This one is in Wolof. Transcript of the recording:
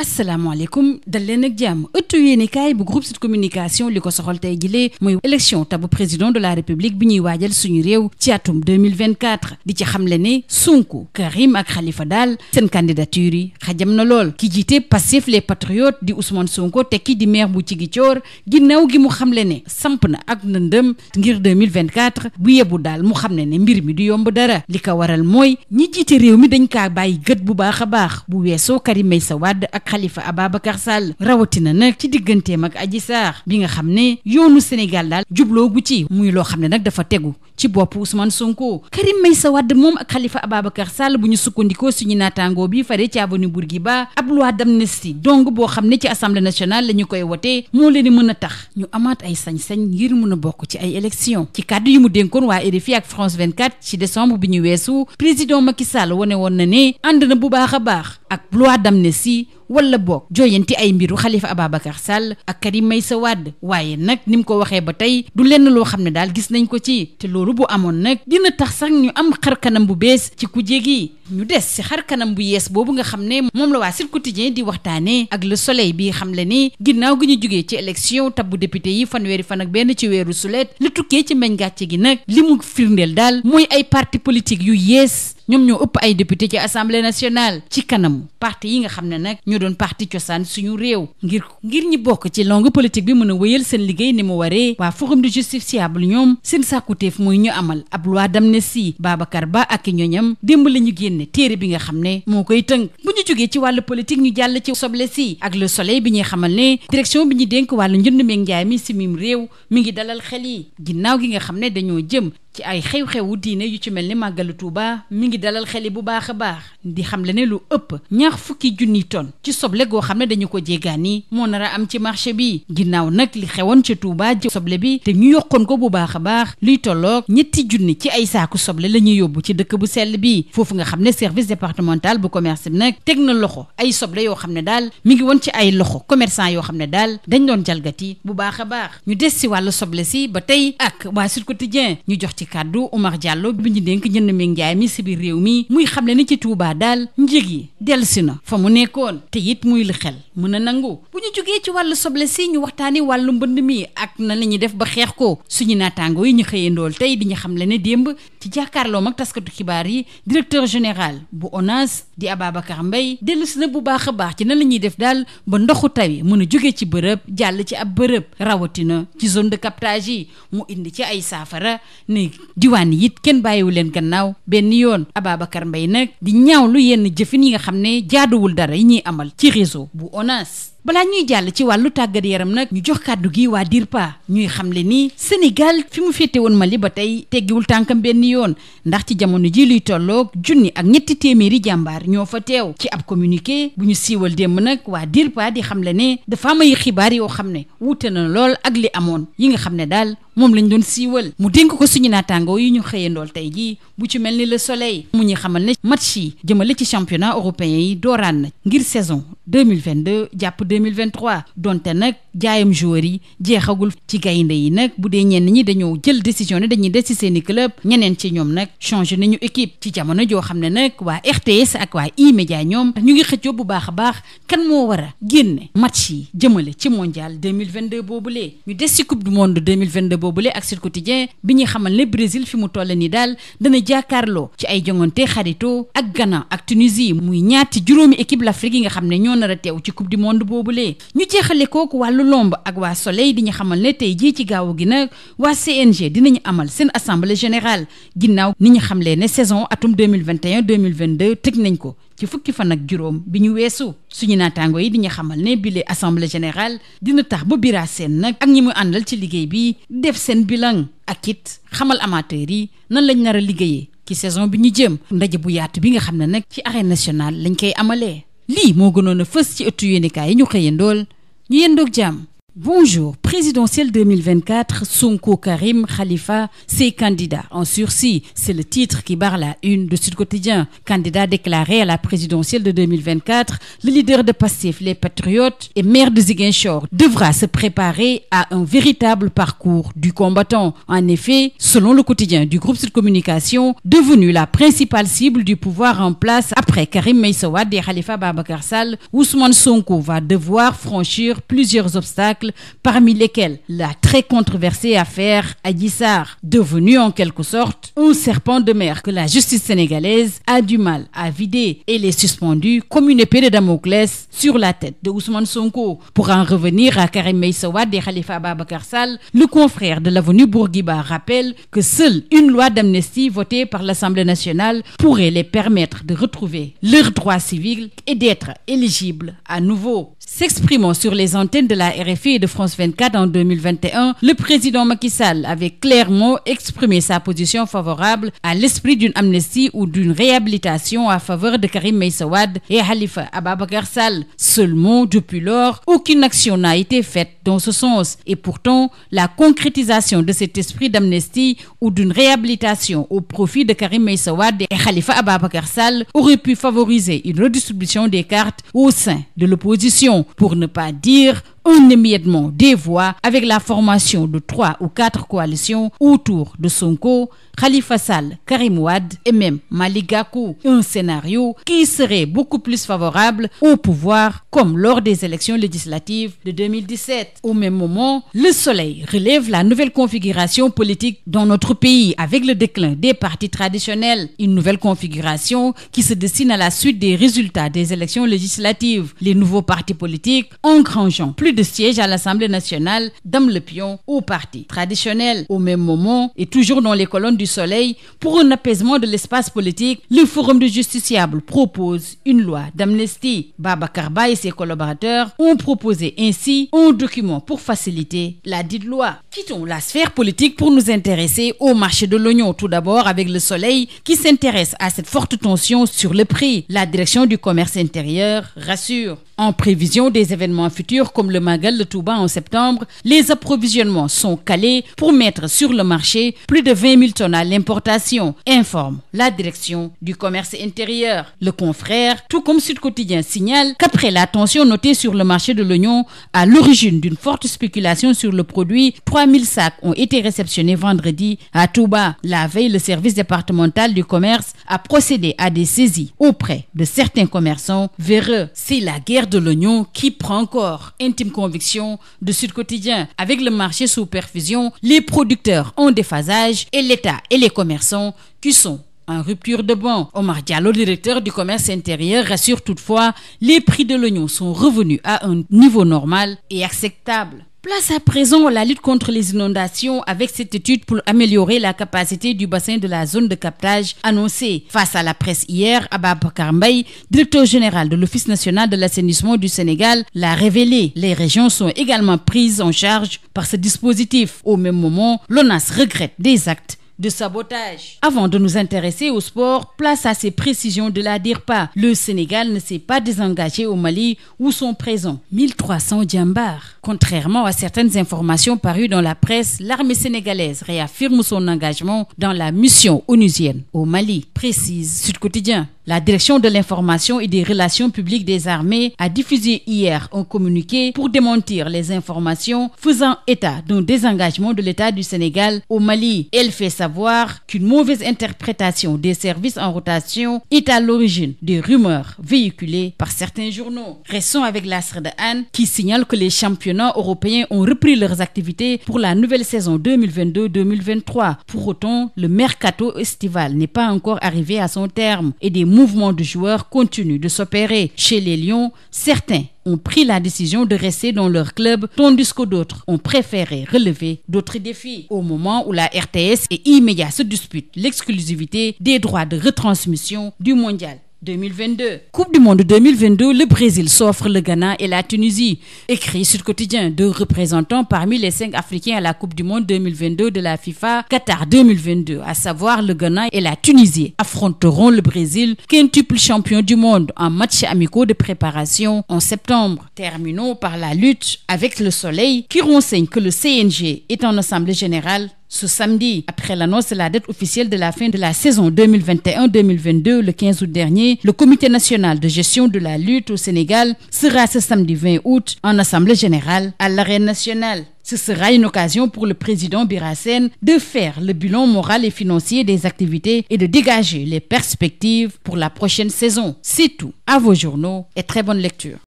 asalaamaaleykum dal leen ak jàmm ëttu yéenekaay bu groupe Sud Communication li ko soxal tey jilee mooy élection tabu président de la république bi ñuy waajal suñu réew ci atum 2024 di ci xamle ne Sonko Karim ak Khalifa daal seen candidature yi xajam na lool ki jiite Pastef les patriotes di Ousmane Sonko tekki di maire bu Ziguinchor ginnaaw gi mu xamle ne samp na ak ndëndëm ngir 2024 bu yebu daal mu xam ne ne mbir mi du yomb dara li ko waral mooy ñi jiite réew mi dañ kaa bàyyi gët bu baax a baax bu weesoo Karim Meïssa Wade ak Khalifa Ababacar Sall rawatina nag ci digganteem a ji Sarr bi nga xam ne yoonu Sénégal daal jubloo gu ci muy loo xam ne nag dafa tegu ci bopp Ousmane Sonko Karim Meïssa Wade moom ak Khalifa Ababacar Sall bu ñu sukkandikoo suñu naataangoo bi fare ci avenue Bourguiba ab loi d'amnistie donc boo xam ne ci assemblée national la ñu koy wotee moo leen di mën a tax ñu amaat ay sañ-sañ ngir mën a bokk ci ay élection ci kàddu yu mu dénkoon waa RFI ak France 24 ci décembre bi ñu weesu président Macky Sall wane woon na ne ànd na bu baax a baax ak ne si wala boog jooyanti ay mbiru xalifa Ababacar Sall ak may sa Wade waaye nag ni mu ko waxee ba tey du lenn loo xam ne daal gis nañ ko ci te loolu bu amoon nag dina tax sax ñu am xar kanam bu bees ci ku gi ñu des si xar kanam bu yees boobu nga xam ne moom la waa Sud Quotidien di waxtaanee ak Le Soleil bi xam le ni ginnaaw gi ñu jógee ci élection bu député yi fanweeri fan ak benn ci weeru sulet li tukkee ci mbeñ gàcce gi nag li mu firndeel daal mooy ay parti politique yu yees ñoom ñoo ëpp ay député ci assemblée nationale ci kanam parti yi nga xam ne nag ñoo doon parti cosaan suñu réew ngir ngir ñi bokk ci longue politique bi mën a wéyal seen liggéey ne mu waree waa forum du justiciable ñoom seen sàkkuteef muy ñu amal ab loi d'amnistie Babacar Ba ak i ñoñam démb la ñu génn téere bi nga xam ne moo koy tënk bu ñu jógee ci wàllu politique ñu jàll ci soble si ak le soleil bi ñuy xamal ne direction bi ñu denk wàllu njënd meeg njaay mi si mim réew mi ngi dalal xel yi ginnaaw gi nga xam ne dañoo jëm ci ay xew-xewu diine yu ci mel ni màggalu Tuuba mu ngi dalal xeli bu baax a baax di xam le lu ëpp ñax fukki junni tonn ci soble goo xam ne dañu ko jéggaani moo nar a am ci marché bi ginnaaw nag li xewoon ca Tuuba ji soble bi te ñu yokkoon ko bu baax a baax luy tolloog ñetti junni ci ay saaku soble la ñuy yóbbu ci dëkk bu sell bi foofu nga xam ne service départemental bu commerce bi nag teg na loxo ay soble yoo xam ne daal mi ngi woon ci ay loxo commerçant yoo xam ne daal dañ doon jalgati bu baax a baax ñu des si wàllu soble si ba tey ak waa ñu jox ci kàddu Oumar Diallo bi ñu dénk jënd mi njaay mi si biir réew mi muy xamle ni ci tuubaa daal njëg yi dellusi na fa mu nekkoon te it muy lu xel mun a nangoo bu ñu jógee ci wàllu soble si ñu waxtaani wàllu mbënn mi ak na la ñuy def ba xeex ko suñu naataangoo yi ñu xëyee xëyandool tey di ñu xamle ne démb ci jàkkaarloo mag taskatu xibaar yi directeur général bu ONAS di Ababacar Mbaye dellusi na bu baax a baax ci na la ñuy def daal ba ndoxu taw yi mën a jóge ci bërëb jàll ci ab bërëb rawatina ci zone de captage mu indi ci ay saafara ne diwaan yi it kenn bàyyiwu leen gannaaw benn yoon Ababacar Mbaye nag di lu yenn jëfin yi nga xam ne jaaduwul dara yi ñuy amal ci réseau bu ONAS. balaa ñuy jàll ci wàllu tàggat yaram nag ñu jox kàddu gi waa DIRPA ñuy xamle ni Sénégal fi mu féete woon Mali ba tey teggiwul tànkam benn juróomi yoon ndax ci jamono ji luy tolloog junni ak ñetti téeméeri jàmbaar ñoo fa teew ci ab communiqué bu ñu siiwal démb nag waa DIRPA di xam le ne dafa am ay xibaar yoo xam ne wuute na lool ak li amoon yi nga xam ne daal moom lañ doon siiwal mu dénk ko suñu naataangoo yi ñu xëyandool tey jii bu ci mel ni le soleil mu ñuy xamal ne match yi jëmale ci championnat européen yi dooraan na ngir saison 2022 jàpp 2023 donte nag jaayam joueur yi jeexagul ci gaynde yi nag bu dee ñenn ñi dañoo jël décision ne dañuy des ci seeni club ñeneen ci ñoom nag changé nañu équipe ci jamono joo xam ne nag waa RTS ak waa E-Media ñoom ñu ngi xëccoo bu baax a baax kan moo war a génne match yi jëmale ci mondial 2022 boobulee ñu des ci coupe du monde 2022 boobu lee ak Sud Quotidien bi ñuy xamal ne Brésil fi mu toll nii daal dana jàkkaarloo ci ay jongante xarito ak Ghana ak Tunisie muy ñaati juróomi équipe l'Afrique yi nga xam ne ñoo na a teew ci coupe du monde boobule. ñu jeexale kooku wàllu lomb ak waa Soleil di ñu xamal ne tey jii ci gaaw gi nag waa CNG dinañu amal seen assemblée général ginnaaw ni ñu xamlee ne saison atum deux mille vingt et un vingt deux tëj nañ ko. ci fukki fan ak juróom bi ñu weesu suñu naataango yi di ñu xamal ne bile assemblée générale dina tax ba Bira Sène nag ak ñi mu àndal ci liggéey bi def seen bilan ak it xamal amateur yi nan lañ nar a liggéeyee ci saison bi ñu jëm ndaje bu yaatu bi nga xam ne nag ci arène nationale lañ koy amalee lii moo gënoon a fës ci ëttu yéenekaay yi ñu xëyandool ñu yendoog jàmm bonjour présidentielle 2024, Sonko Karim Khalifa, ses candidats en sursis. C'est le titre qui barre la une de Sud Quotidien. Candidat la présidentielle de 2024, le leader de Pastef, les Patriotes et maire de Ziguinchor devra se préparer à un véritable parcours du combattant. En effet, selon le quotidien du groupe Sud Communication, devenu la principale cible du pouvoir en place après Karim Meïssa Wade et Khalifa Babacar Sall, Ousmane Sonko va devoir franchir lesquels la très controversée affaire Adji Sarr, devenue en quelque sorte un serpent de mer que la justice sénégalaise a du mal à vider et les suspendue comme une épée de Damoclès sur la tête de Ousmane Sonko. Pour en revenir à Karim Meïssa Wade et Khalifa Ababacar Sall, le confrère de l'avenue Bourguiba rappelle que seule une loi d'amnistie votée par l'Assemblée nationale pourrait les permettre de retrouver leurs droits civils et d'être éligibles à nouveau. S'exprimant sur les antennes de la RFI et de France 24 en 2021, le président Macky Sall avait clairement exprimé sa position favorable à l'esprit d'une amnistie ou d'une réhabilitation à faveur de Karim Meïssa Wade et Khalifa Ababacar Sall. Seulement, depuis lors, aucune action dans ce sens. Et pourtant, la concrétisation de cet esprit d'amnistie ou d'une réhabilitation au profit de Karim Meïssa Wade et Khalifa Ababacar Sall aurait pu favoriser une redistribution des cartes au sein de l'opposition, pour ne pas dire un émiettement des voix avec la formation de trois ou quatre coalitions autour de Sonko, Khalifa Sall, Karim Wade et même Malick Gakou, un scénario qui serait beaucoup plus favorable au pouvoir comme lors des élections Au même moment, le configuration politique dans notre pays avec le déclin des configuration qui se dessine la suite des résultats des élections législatives. Les de siège à l'Assemblée nationale dame le pion au parti traditionnel. Au même moment et toujours dans les colonnes du Soleil, pour un apaisement de l'espace politique, le Forum de justiciables propose une loi d'amnistie. Babacar Ba et ses collaborateurs ont proposé ainsi un document pour faciliter la dite loi. Quittons la sphère politique pour nous intéresser au marché de l'oignon, tout d'abord avec le Soleil qui s'intéresse à cette forte tension sur le prix. La direction du commerce le Magal de en septembre, les approvisionnements sont calés pour mettre sur le marché plus de 20 l'importation, informe la direction du commerce intérieur. Le confrère, tout comme Sud Quotidien, signale qu'après la notée sur le marché de l'oignon à l'origine d'une forte spéculation sur le produit, sacs ont été réceptionnés vendredi à Touba. La veille, le service départemental du commerce a procédé à des saisies auprès de certains commerçants une conviction de Sud Quotidien. Avec le marché sous les producteurs en déphasage et l'État et les commerçants qui sont en rupture de banc. Omar Diallo, directeur du commerce intérieur, rassure toutefois, les prix de l'oignon sont revenus à un niveau normal et acceptable. Place à présent la lutte contre les inondations avec cette étude pour améliorer la capacité du bassin de la zone de captage annoncée face à la presse hier, Ababacar Mbaye, directeur général de l'Office national de l'assainissement du Sénégal, l'a révélé. Les régions sont également prises en charge par ce dispositif. Au même moment, l'ONAS regrette des actes de sabotage. Avant de nous intéresser au sport, place à ces précisions de la DIRPA. Le Sénégal ne s'est pas désengagé au Mali où sont présents 1300 djambars. Contrairement à certaines informations parues dans la presse, l'armée sénégalaise réaffirme son engagement dans la mission onusienne au Mali, précise Sud Quotidien. La direction de l'information et des relations publiques des armées a diffusé hier un communiqué pour démentir les informations faisant état d'un désengagement de l'État du Sénégal au Mali. Elle fait savoir qu'une mauvaise interprétation des services en rotation est à l'origine des rumeurs véhiculées par certains journaux. Restons avec l'Astre de Anne qui signale que les championnats européens ont repris leurs activités pour la nouvelle saison 2022-2023. Pour autant, le mercato estival n'est pas encore arrivé à son mouvement de joueurs continue de s'opérer. Chez les Lions, certains ont pris la décision de rester dans leur club, tandis que d'autres ont préféré relever d'autres défis. Au moment où la RTS et Emedia se disputent l'exclusivité des droits de retransmission du mondial. 2022. Coupe du monde 2022, le Brésil s'offre le Ghana et la Tunisie. Écrit Sud Quotidien, cinq Africains la Coupe du monde 2022 de la FIFA Qatar 2022, à savoir le Ghana et la Tunisie, affronteront le Brésil, quintuple champion du monde, en match amicaux de préparation en par la lutte avec le soleil qui renseigne que le CNG est en assemblée générale Ce samedi, après l'annonce de la date de la fin de la saison 2021-2022 le 15 août dernier, le Comité national de de la lutte au Sénégal sera ce en assemblée générale à l'arène nationale. Ce sera pour le président Birasène de faire le bilan moral et financier des activités et de les perspectives pour la prochaine saison. C'est tout. À vos